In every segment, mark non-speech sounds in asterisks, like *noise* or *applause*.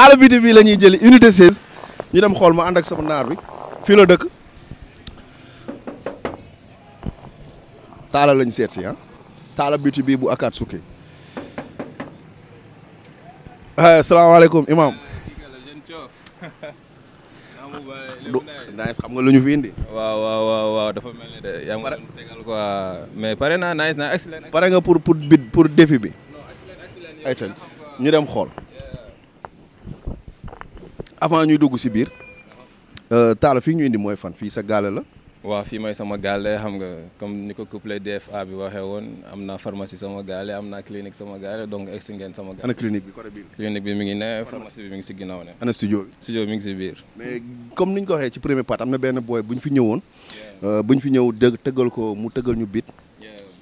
daal biti bii la ñuy jëli unité 16 ñu dem xool ma ànd ak sama naar bi fii la dëkk taala lañ seet si ah taala biti bii bu akaat sukki asalaamaaleykum imam nice xam nga lu ñu fi indi. waaw waaw waaw dafa mel ni de yaa pare naa nice na excellent. nga pour pour bid pour défi bi. non excellent ñu dem xool. avant ñuy dugg si biir euh, taala fii ñu indi mooy fan fii sa gaale la. waaw fii mooy sama gaale xam nga comme ni ko couple DFA bi waxee woon am naa pharmacie sama gaale am naa clinique sama gaale donc egsi ngeen sama gaale. ana clinique bi côté bi. clinique bi mi ngi ne pharmacie bi mi ngi si ginnaaw ne. ana studio bi si biir. mais comme ni ñu ko waxee ci premier part am na benn booy bu ñu fi ñëwoon. Euh, bu ñu fi ñëw dëgg tëggal ko mu tëggal ñu bit.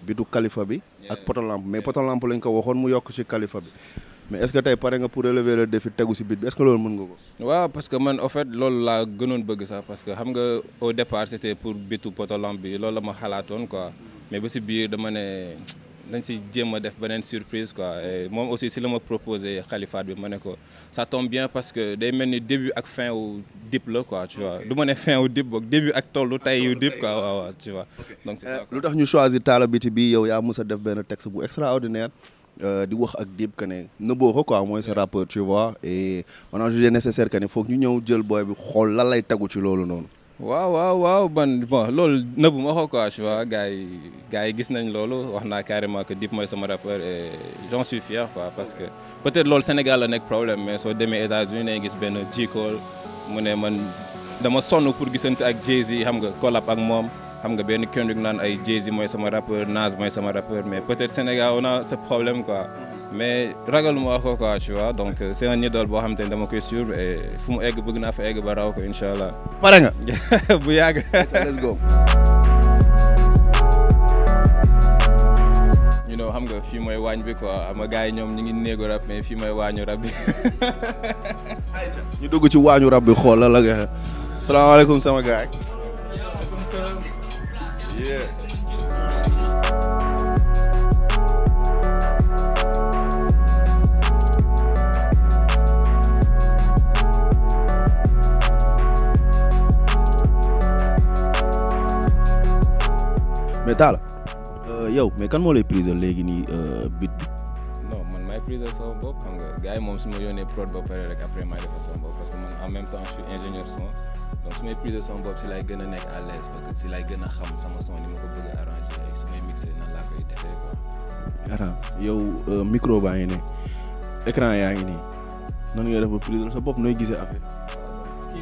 bitu kalifa bi. ak potolamp mais potolamp lañ ko waxoon mu yokk ci kalifa bi. mais est-ce que tey pare nga pour relever le défi tegu si bit bi est-ce que loolu mën nga ko. waaw parce que man en loolu laa gënoon bëgg sax parce que xam nga au départ c'était pour bitu potolam bi loolu la ma xalaatoon quoi mais ba si biir dama ne *tsk* dañ si jéem a def beneen surprise quoi et moom aussi si la ma proposé xalifaat bi ma ne ko ça tombe bien parce que day mel ni début ak fin wu dip la quoi tu vois du ma ne fin wu dip boog début ak tollu tay yu dip quoi waaw waaw euh, lu tax ñu choisir taala biti bi yow yaa mës a def benn texte bu extraordinaire. Euh, di wax ak Dip que ne nëbboo ko quoi mooy sa rappeur tu vois et on a jugé nécessaire que ne foog ñu ñëw jël boo bi xool lan lay tagu ci loolu noonu. waaw waaw waaw man bon loolu nëbbu ma ko quoi tu vois gars yi gis nañ loolu wax naa carrément que Dip mooy sama rappeur et j'en suis fier parce que peut-être loolu Sénégal la nekk problème mais soo demee États-Unis nañ gis benn J Cole mu ne man dama sonn pour gisante ak Jay-Z xam nga collab ak moom. xam nga benn kenn du naan ay Jay-Z mooy sama rappeur Nas mooy sama rappeur mais peut-être Sénégal on a ce problème quoi. mais ragaluma wax ko quoi tu vois donc euh, c'est un idole boo xam te ne dama koy suivre fu mu egg bëgg naa fa egg ba ko incha allah. pare *laughs* bu yàgg. *laughs* let's go. xam nga fii mooy waañ bi quoi ama gars yi ñoom ñu ngi néegu rab mais fii mooy waañu rab bi. *laughs* ñu dugg ci waañu rab bi xool la la nga. salaamaaleykum sama gars. Yeah. mais Talla euh, yow mais kan moo lay prisé léegi nii euh, bit bi. non man maay prisé sama bopp xam nga gars yi moom su ma ba pare rek après maay defal bopp parce que en même temps je suis son. donc su may prise sama bopp si laay gën a si laay gën a xam sama son ni ma ko bëgg a arrangé su may mixé nan laa koy defee quoi. Ara yow euh, micro baa ngi ne écran yaa ngi nii nan nga def ba prise sa bopp nooy gisee affaire.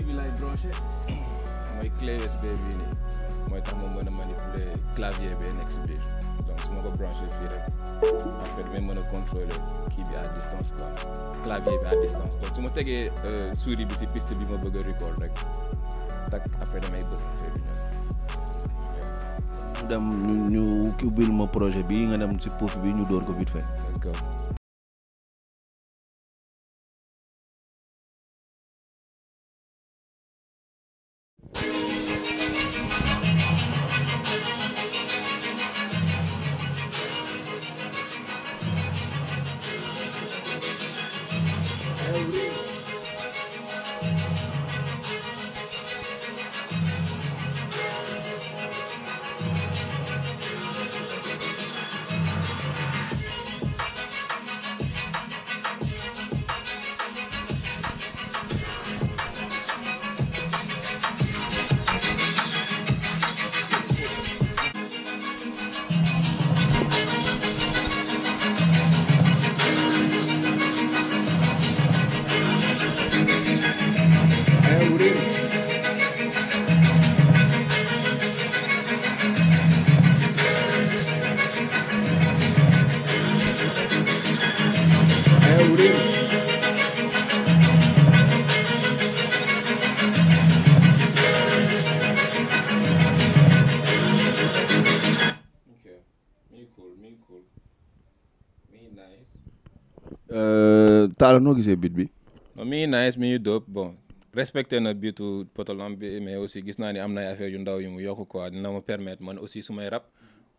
bi laay *coughs* mooy a manipuler clavier bee nekk si biir donc su ma ko branché kii bi à distance quoi su ma tegee euh, souris bi si piste bi ma bëgg a record rek. contact après damay bës affaire bi ñëw. ñu ñu ñu ubbil projet bi nga dem ci puuf bi ñu door ko vite fait. Kaala noo gisee but bi. mi ngi nice mi ngi dope bon respecté na bitu potolam bi mais aussi gis naa ni am na ay affaire yu ndaw yu mu yokk quoi dina ma permettre man aussi su may rap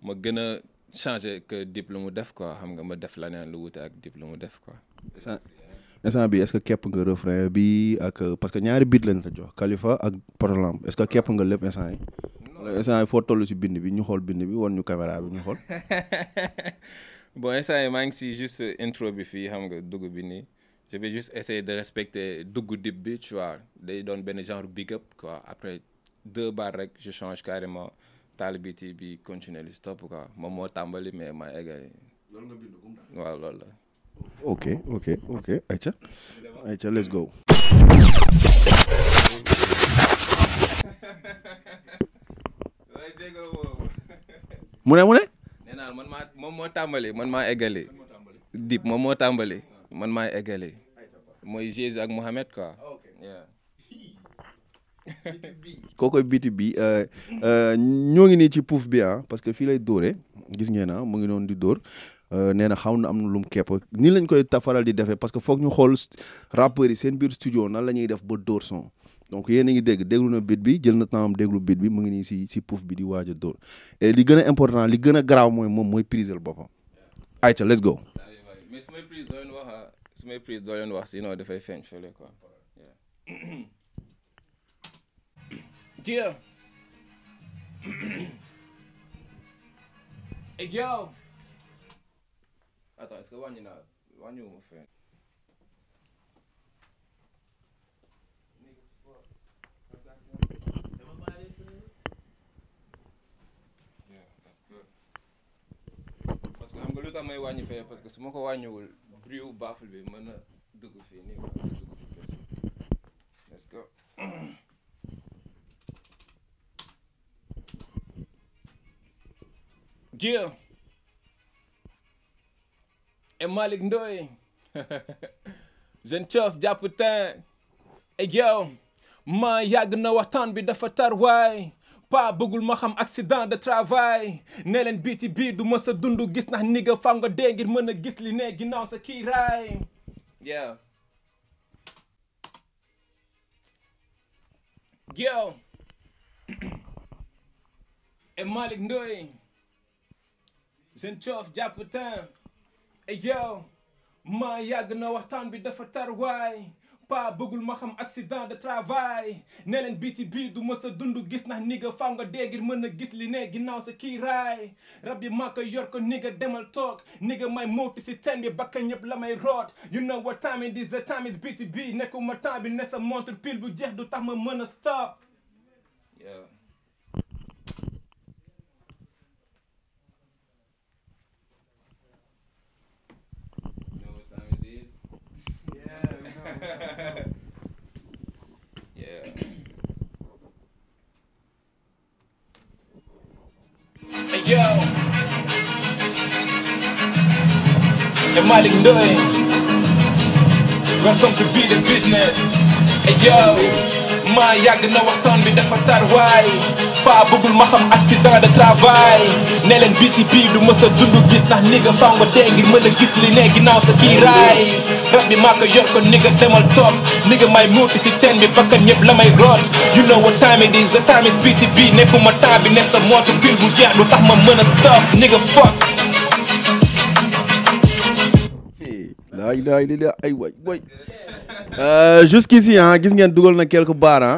ma gën a changer que dip lu mu def quoi xam nga ma def la leneen lu wute ak dip lu mu def quoi. instant bi est-ce képp nga refrain bi ak parce que ñaari bit lañ la jox kalifa ak Potolamb est-ce que képp nga lépp instant yi instant yi foo toll ci bind bi ñu xool bind bi wan ñu caméra bi ñu xool *laughs* bon instant bi nii je vais juste essayer de respecter dugg dib bi tu vois day doon benn genre big up quoi après deux bar rek je change carrément taalibiti bi continuer lu stop quoi moom moo tàmbali mais ma eggali. loolu nga bind ko mu waaw loolu la. ok ok ok ayca ayca let's go. mu ne mu ne. *laughs* nee naa man maa moom moo tàmbali man maa eggali. dib moom moo tàmbali. man maay eggale mooy Jésus ak Mohamed quoi. kookoy biti bi ñoo ngi nii ci puuf bi ah parce que fii lay dóore gis ngeen ah mu ngi noonu di dóor euh, nee na xaw na am na lum kepp nii lañ koy tafaral di defee parce que foog ñu xool rappeurs yi seen biir studio nan la ñuy def ba dóor son donc yéen a ngi dégg déglu na bit bi jël na temps am déglu bit bi mu ngi nii si si puuf bi di waaja dóor et li gën a important li gën a garaaw mooy moom mooy prisel boppam ayca let's go mais su may prise doo leen wax su may prise doo leen wax sinon dafay feeñ fële quoi. Dieu. et yow. attends est-ce que wàññi ba lu tax may wàññi fee parce que su ma ko wàññiwul bruit wu baffle bi mën na dugg fii nii wala dugg si kër est-ce que *clears throat* Dieu et Malick Ndoye *laughs* maa yàgg na waxtaan bi dafa tar waay pa bëggul ma xam accident de travail ne leen bii ci bii du ma sa dund gis nax ni nga faw nga dee ngir mën a gis li ne ginnaaw sa kii raay yow yow *coughs* e Malick Ndoye seen coof jàpp e yow maa yàgg na waxtaan bi dafa tar paa bëggul ma xam accident de travail ne leen bii bii du ma sa dund gis nax ni nga faw nga dee ngir mën a gis li ne ginnaaw sa kii raay rab yi maa ko yor ko ni nga demal toog ni nga may mooti si teen bi bakka ñëpp la may root yu know what time it is the time is bii ci bii nekkuma bi ne sa montre pile bu jeex du tax ma mën a stop yeah. Yo. The Malik Ndoy. Welcome to Be The Business. Yo. maa yàgg na waxtaan bi dafa tar waay. paa bëggul ma xam accident de travail ne leen du mës a gis ndax ni faw nga dee ngir mën gis li ne ginnaaw sa kii rab maa ko yor ko ni nga demal may muuti si teen bi bakkan ñëpp la may root you know what time the time is nekkuma temps bi ne sa mootu pil bu jeex du tax ma mën stop ni nga fuck laaj laaj ay waay waay euh, jusqu'ici gis ngeen dugal na quelque part ah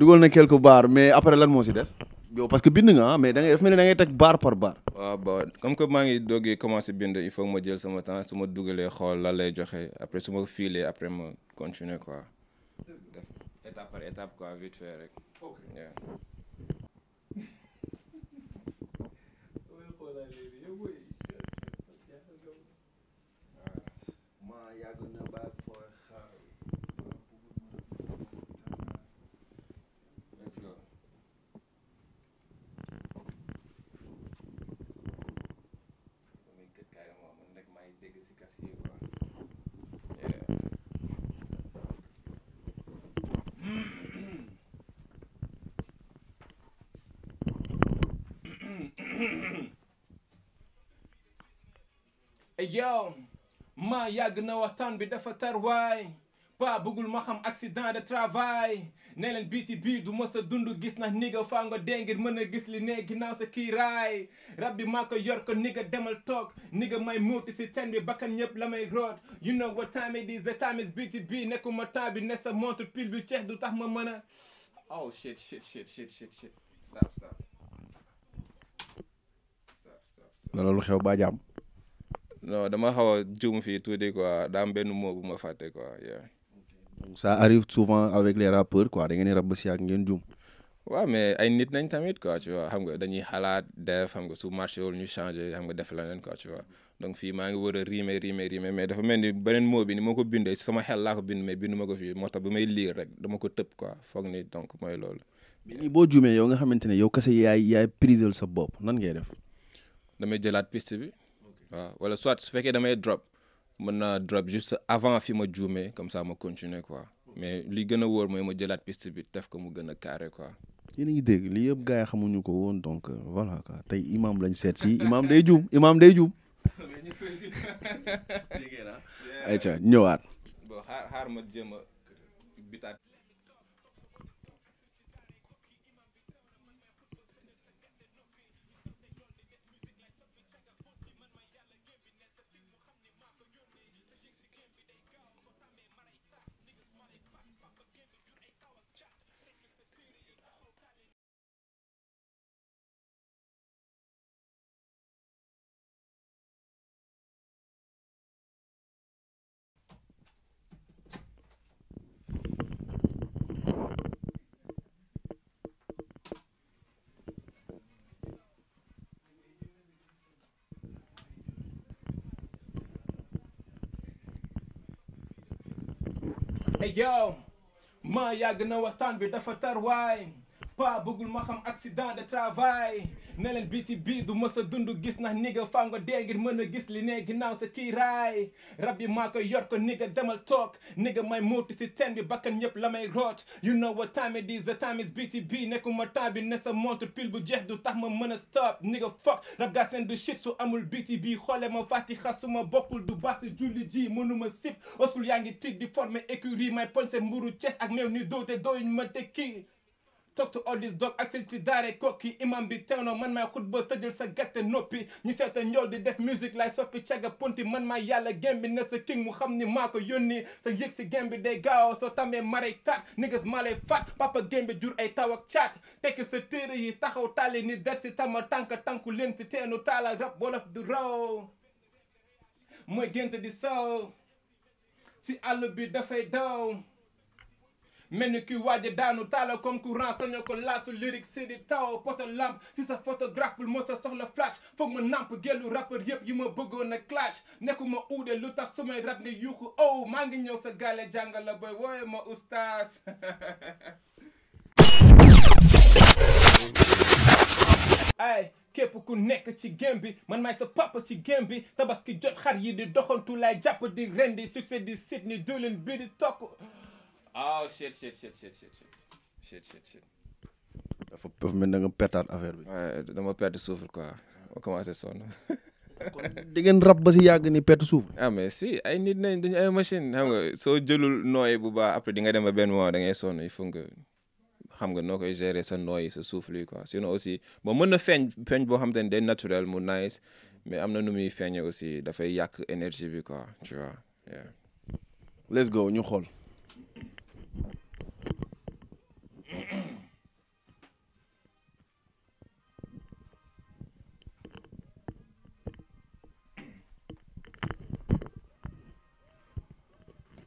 dugal na quelque part mais après lan moo si des yow parce que bind nga ah mais da ngay def mel ni da ngay baar par baar. waaw ah, ba comme que maa ngi doogee commencé bind il faut ma jël sama temps su ma dugalee xool lan lay joxee après su ma fiilee après ma continuer quoi. def étape par étape quoi vite fait rek. ok yow maa yàgg na waxtaan bi dafa tar waay bëggul ma xam accident de travail ne leen biiti bii du ma sa dund gis na ni nga faa nga dengir mën a gis li ne ginnaaw sa kii raay rab bi maa ko yor ko ni nga demal toog ni nga may muuti si ten bi bakkan ñëpp la may root you know what time it is the time is biiti nekkuma temps bi ne sa montre bi ceex du tax ma mën a oh shit shit shit shit loolu xew baa non dama xaw a juum fii tuuti quoi daam benn mot bu ma fàtte quoi. donc ça arrive souvent avec les rappeurs quoi da ngeen di rab ba si ak ngeen juum. waaw mais ay nit nañ tamit quoi tu vois xam nga dañuy xalaat def xam nga su marché wul ñu changé xam nga def leneen quoi tu vois donc fi maa ngi war a riime riime riime mais dafa mel ni beneen moo bi ni ma ko bindee sama xel laa ko bind mais bindu ma ko fi moo tax may lire rek dama ko tëb quoi foog ni donc mooy loolu. mais nii boo jumee yow nga xamante ne yow kese yaay yaay prisel sa bopp nan ngay def. damay jëlaat piste bi. waaw wala soit su fekkee damay drop mën naa drop juste avant fi ma juumee comme ça ma continuer quoi mais li gën a wóor mooy ma jëlaat piste bi def ko mu gën a carré quoi. yéen a ngi dégg lii yëpp gars yi xamuñu ko woon donc euh, voilà quoi tey imam lañ seet si imam day juum imam day juum. ayca *laughs* ah. ñëwaat. hey yow maa yàgg na waxtaan bi dafa tar waay paa bëggul ma xam accident de travail ne leen bii ci du mës a dund gis na nigga faa nga dee ngir mën a gis li ne ginnaaw sa kii raay rab yi maa koy yor ko nigga demal toog nigga may muuti si teen bi bakkan ñëpp la may root you know what time it is the time is bii ci bii nekkuma temps bi ne sa montre pile bu jeex du tax ma mën a stop nigga fuck rab gaa seen du shit su amul bii ci bii xoole ma fàtti xasuma bokkul du bas julli ji mënuma sip oskul yaa ngi tiig di former écurie may mburu Cees ak meew doote dooyuñ ma te kii talk to all these dog ak seen ci daare kokki imam bi teew na man maay xutba tëjal sa gàtte noppi ñi seeta njool di def musique lay soppi caga punti man maay yàlla gém bi ne sa king mu xam ni maa ko yónni sa yëg si gém bi day gaaw soo tàmmee maray kat niggas maa lay faat papa gém jur ay taw ak caat tekkil sa téere yi taxaw taali ni der tama tànk tànku leen si teenu taala rab wolof du raw mooy gént di saw si àll bi dafay daw mel ni kuy waaja daanu taala concurrence sañoo ko laasu lyrique CD taw poto lamp si sa photographe bul moo sa soxla flash foog ma namp gellu rappeur yëpp yi ma bëggoon a clash ma uude lu tax su may rap nga yuuxu ow oh, maa ngi ñëw sa gaale jàngal la wooye ma oustaz *laughs* ay képp ku nekk ci game bi man maay sa papa ci game bi tabaski jot xar yi di doxantu lay jàpp di rendi succès di sit ni bi di tokk ah shit shit shit shit shit shit shit shit. dafa dafa mel na nga pertaat affaire bi. waaw dama perte souffle quoi ma commencé sonn. *laughs* kon di ngeen rab ba si yàgg ni perte souffle. ah mais si ay nit nañ dañu ay machine xam nga soo jëlul nooy bu baax après di nga dem ba benn moment da ngay sonn il faut nga xam nga noo koy gérer sa nooy sa souffle yi quoi sinon aussi bon mën na feeñ feeñ boo xam te ne day naturel mu nice mais am na nu muy feeñee aussi dafay yàq énergie bi quoi tu vois. let's go ñu xool.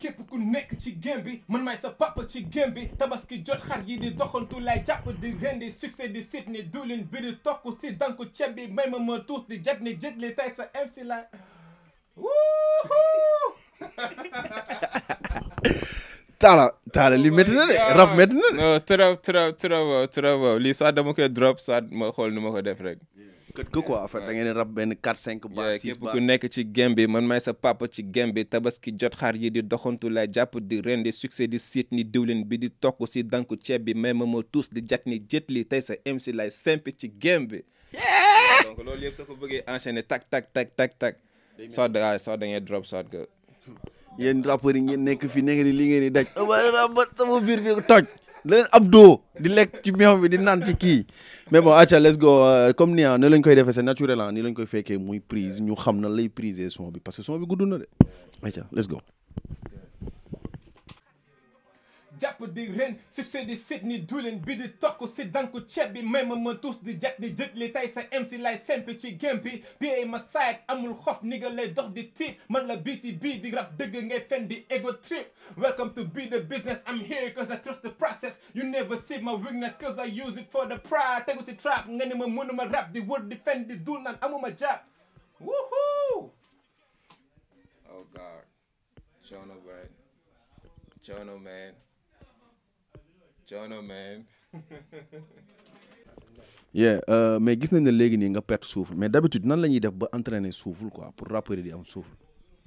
képp ku nekk ci gém bi man maay sa papa ci gém bi tabaski jot xar yi di doxantu lay jàpp di rendi succès di sib ni duwlin bi di tokku si danku ceeb bi may ma ma tuus di jat ni jëtli tey sa MC la *laughs* taala taala li métti na de oh rap métti na de. non trop trop ma ko def rek. kët da ngeen rab benn 4 5 ba 6 ba képp nekk ci gem bi man maay sa papa ci gem bi tabaski jot xaar yi di doxantu la jàpp di ren di succès di siit ni diwlin bi di tokk si danku ceeb bi may ma ma tuus di jat ni jët li tey sa MC lay simpi ci gem bi donc loolu yëpp soo ko bëggee enchaîner tak tak tak tak tak soit da soit da ngay drop soit que yéen rappeurs yi ngeen nekk fi nekk ni li ngeen di daj ba rabat sama biir bi toj da leen abdoo di lekk ci meew bi di naan ci kii mais bon acca let's go euh, comme ni ah ne lañ koy defee c'est naturel ah ni lañ koy fekkee muy prise ñu xam na lay prise son bi parce que son bi gudd na de acca let's go jàpp di ren succès di sit ni duleen bi di tokk si danku ceeb bi may ma ma tuus di jag di jëg li tey sa MC lay sempi ci gempi piey ma sayet amul xof ni nga lay di tiit man la biti bii di rap dëgg ngay fen di ego trip welcome to be the business I'm here cause I trust the process you never see my weakness cause I use it for the pride tegu si trap nga ne ma mënuma rap di wër di fen di dul naan amuma jàpp woohoo oh God coono man. *laughs* yeah euh, mais gis nañ ne léegi nii nga pert suuf mais d'habitude nan la ñuy def ba entraîner souffle quoi pour rappeur di am souffle.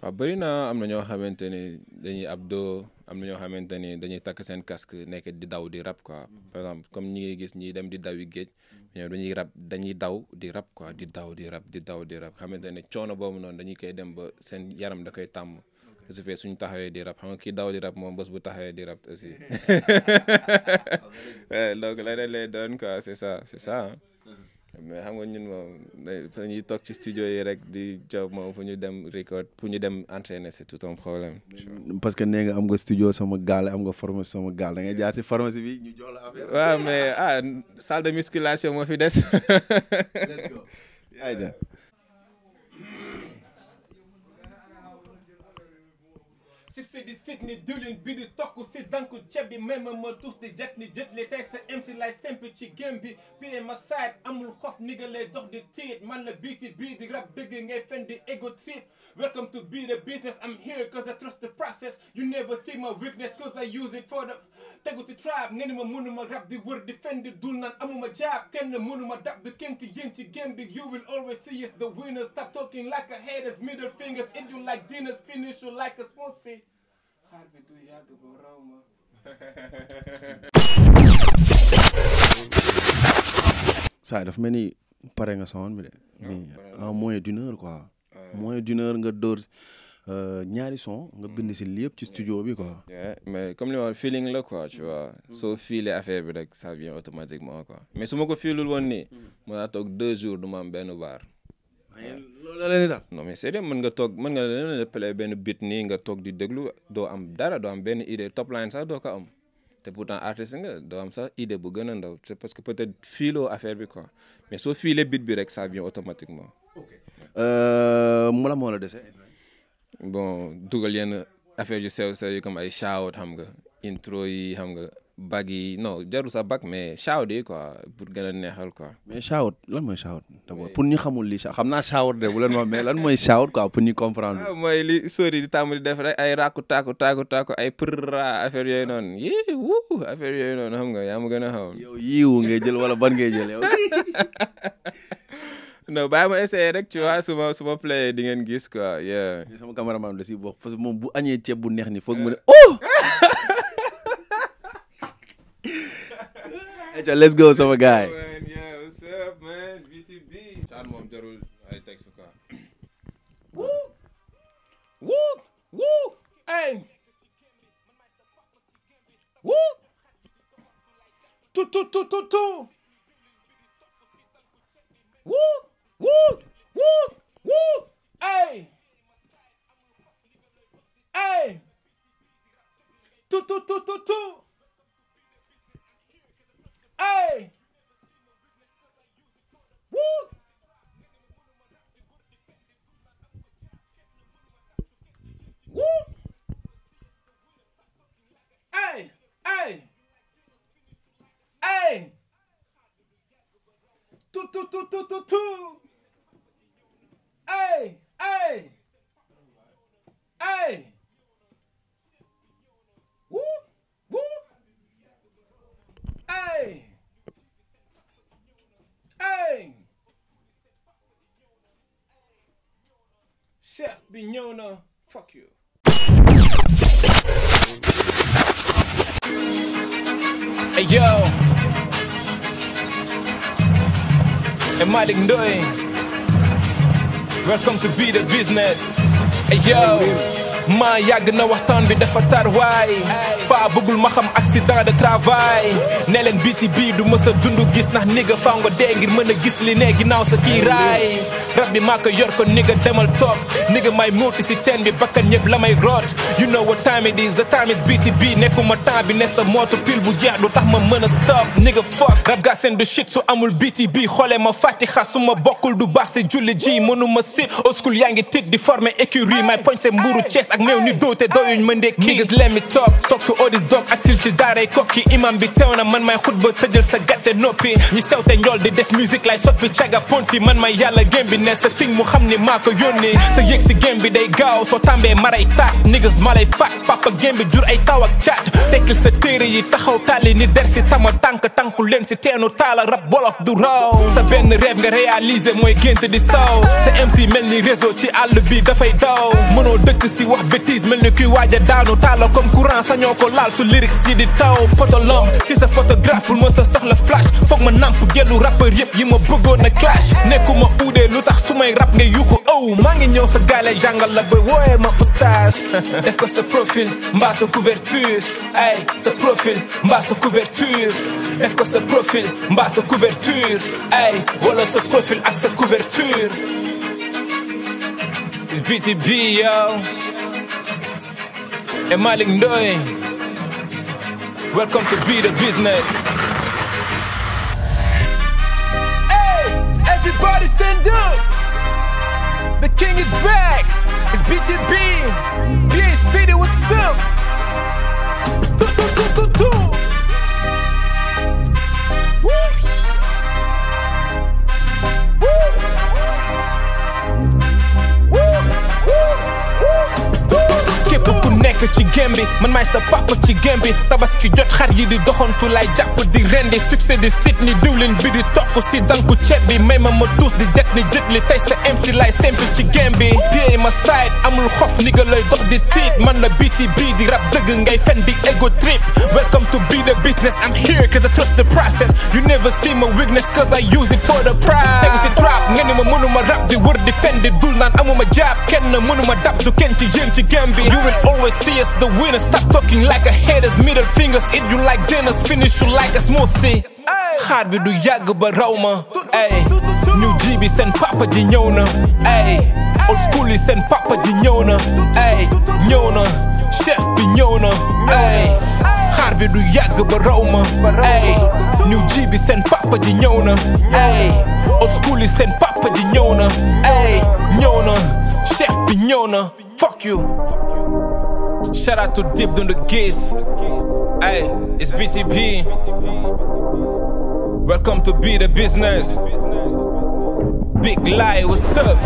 waaw bëri na am na ñoo xamante ne dañuy abdo am na ñoo xamante ne dañuy takk seen casque nekk di daw di rap quoi mm-hmm. par exemple comme ñi ngay gis ñi dem di daw yi géej ñoom dañuy rab dañuy daw di rab quoi di daw di rab di daw di rap xamante ne coono boobu noonu dañuy koy dem ba seen yaram da koy tàmm. su fekkee suñu taxawee di rab xam nga kii daw di rab moom bos bu taxawee di rab aussi *laughs* *laughs* donc leneen lay doon quoi c'est ça c'est ça mais xam nga ñun moom dañuy toog ci yi rek di job moom fu ñu dem record pour ñu dem entraîner c'est tout un problème. parce que nee nga am nga studio sama gaal am nga pharmacie sama gaal da nga jaar ci pharmacie bi ñu joola la mais ah de musculation moo fi des. let's go. *laughs* succès di sit ni diwlin bi di tokk si danku ceeb bi may ma ma tuus di jet ni jët li tey sa MC lay semp ci gém bi pile ma saayit amul xof ni nga lay dox di tiit man la bii ci bii di rab dëgg ngay fen di ego trip welcome to be the business I'm here cause I trust the process you never see my weakness cause I use it for the tegu si tribe ngeen ma mënuma rab di wër di fen di dul naan amuma jaab kenn mënuma dab di kenn ti yéen ci gém bi you will always see us the winners stop talking like a haters middle fingers eat you like dinners finish you like a small seed xaar bi du yàgg bu dafa mel ni pare nga sawoon bi de mais en moins d'une heure quoi moins d'une heure nga dóor euh, ñaari son nga mm. bind si lépp ci studio bi quoi mais comme li ma wax feeling la quoi tu mm. soo fiilee affaire bi rek ça vient automatiquement quoi mais su ma ko fiilul woon nii mën mm. naa toog deux jours du ma am benn baar Eh, loolu la leen mën nga toog mën nga leen play benn bit nii nga toog di déglu doo am dara doo am benn idée top line sax doo ko am te pourtant artiste nga doo am sax idée bu gën a ndaw c'est parce que peut-être filo affair bi ko mais soo file bit bi rek ça vient automatiquement. ok euh, mu la moo la dese. bon dugal yenn affaire yu sew sew yi comme ay shout xam nga intro yi xam nga. bag yi non jarul sa bag mais shawt yi pour gën neexal quoi. mais shawt lan mooy shawt. d'abord pour ñu xamul li shawt xam na shawt de bu mais lan mooy shawt quoi pour ñu comprendre. ah mooy li sori di tàmm di def rek ay raaku taaku taaku taaku ay përra affaire yooyu noonu yii wuu affaire yooyu noonu yaa ma gën a xam. yow yiiwu ngay jël wala ban ngay jël yow. *laughs* non bàyyi ma rek tu waa su ma su ma play di ngeen gis quoi. sama cameraman da si bokk parce que moom bu añee ceeb bu neex ni foog mu ne *laughs* oh. Echa, let's go sama gars yi. what's up man VTB. Caan moom jarul ay teg su kaa. wuu wuu wuu ay wuu tu tu tu tu tu wuu wuu wuu wuu ay ay tu tu tu tu tu. Hey! Woo! Woo! Hey! Hey! Hey! Tout, bi ñëw na fuck you hey yo et Malick Ndoye welcome to be the business hey yo maa yàgg na waxtaan bi dafa tar waay paa bëggul ma xam accident de travail ne leen bii ci bii du ma a dund gis ndax ni nga faw nga dee ngir mën a gis li ne ginnaaw sa kii raay rab bi maa ko yor ko ni nga demal toog ni nga may muuti si teen bi bakkan ñëpp la may root you know what time it is the time is bii ci bii nekkuma temps bi ne sa mootu pile bu jeex du tax ma mën a stop ni nga rab gaa du shit su amul bii ci bii xoolee ma fatixa su ma bokkul du baax si julli ji mënuma sib oskul yaa ngi tit di former ak néew ni doo te doyuñ ma ndékki niggas let me talk talk to all this dog ak sil ci daaray kokki imam bi teew na man may xutba tëjël sa gàtte noppi ñi sewte njool de def musique lay soppi caga ponti man may yàlla gém bi ne sa ting mu xam ni maa ko yónni sa yëg si bi day gaaw soo tàmbee maray taat niggas ma lay faat papa gém bi jur ay taw ak caat tekkil sa téere yi taxaw taali ni der si tama tànk tànku leen si teenu taala rab wolof du raw sa benn rêve nga mooy gént di saw sa MC mel ni réseau ci àll bi dafay daw mënoo dëkk si bêtise mel ni kuy waaj a daanu taala comme courant sañoo ko laal su lyrics yi di taw potolom si sa photographe bul ma sa soxla flash foog ma namp gelu rappeur yëpp yi ma bëggoon a clash nekkuma uudee lu tax su may rap nga yuuxu ëw oh, maa ngi ñëw sa gaale jàngal la ba wooyee ma oustaz *laughs* def ko sa profil mbaa sa couverture ay sa profil mbaa sa couverture def ko sa profil mbaa sa couverture ay wala sa profil ak sa couverture BTB yow and Malik Ndoye. Welcome to Be The Business. Hey, everybody stand up. The king is back. It's BTB. BA City, what's up? Do, do, do, do, do. nekk ci gem bi man maay sa papa ci gem bi tabaski jot xar yi di doxantu lay jàpp di rendi succès di sit ni diwlin bi di toq si danku ceeb bi may ma ma tuus di jet ni jët li tey sa MC lay simple ci gem bi piey ma side amul xof ni nga lay dox di tiit man la BTB di rap dëgg ngay fen di ego trip welcome to be the business I'm here cause I trust the process you never see my weakness cause I use it for the prize tegu si trap nga ni ma mënuma rap di wër di fen di dul naan amuma jaab kenn mënuma dab du kenn ci yéen ci gem bi you will always see us the winners. Stop talking like a haters. Middle fingers eat you like dinners. Finish you like a smoothie. xaar bi du yàgg ba raw ma. ay new G bi seen papa ji ñëw na. ay old school yi papa ji ñëw na. ay ñëw na chef bi ñëw na. ay bi du yàgg ba raw ma. ay new G bi papa ji ñëw na. ay old school yi papa ji ñëw na. ay ñëw na ñëw na Shout out to Deep Down the Gaze. Hey, it's BTB. Welcome to Be the Business. Big Lie, what's up?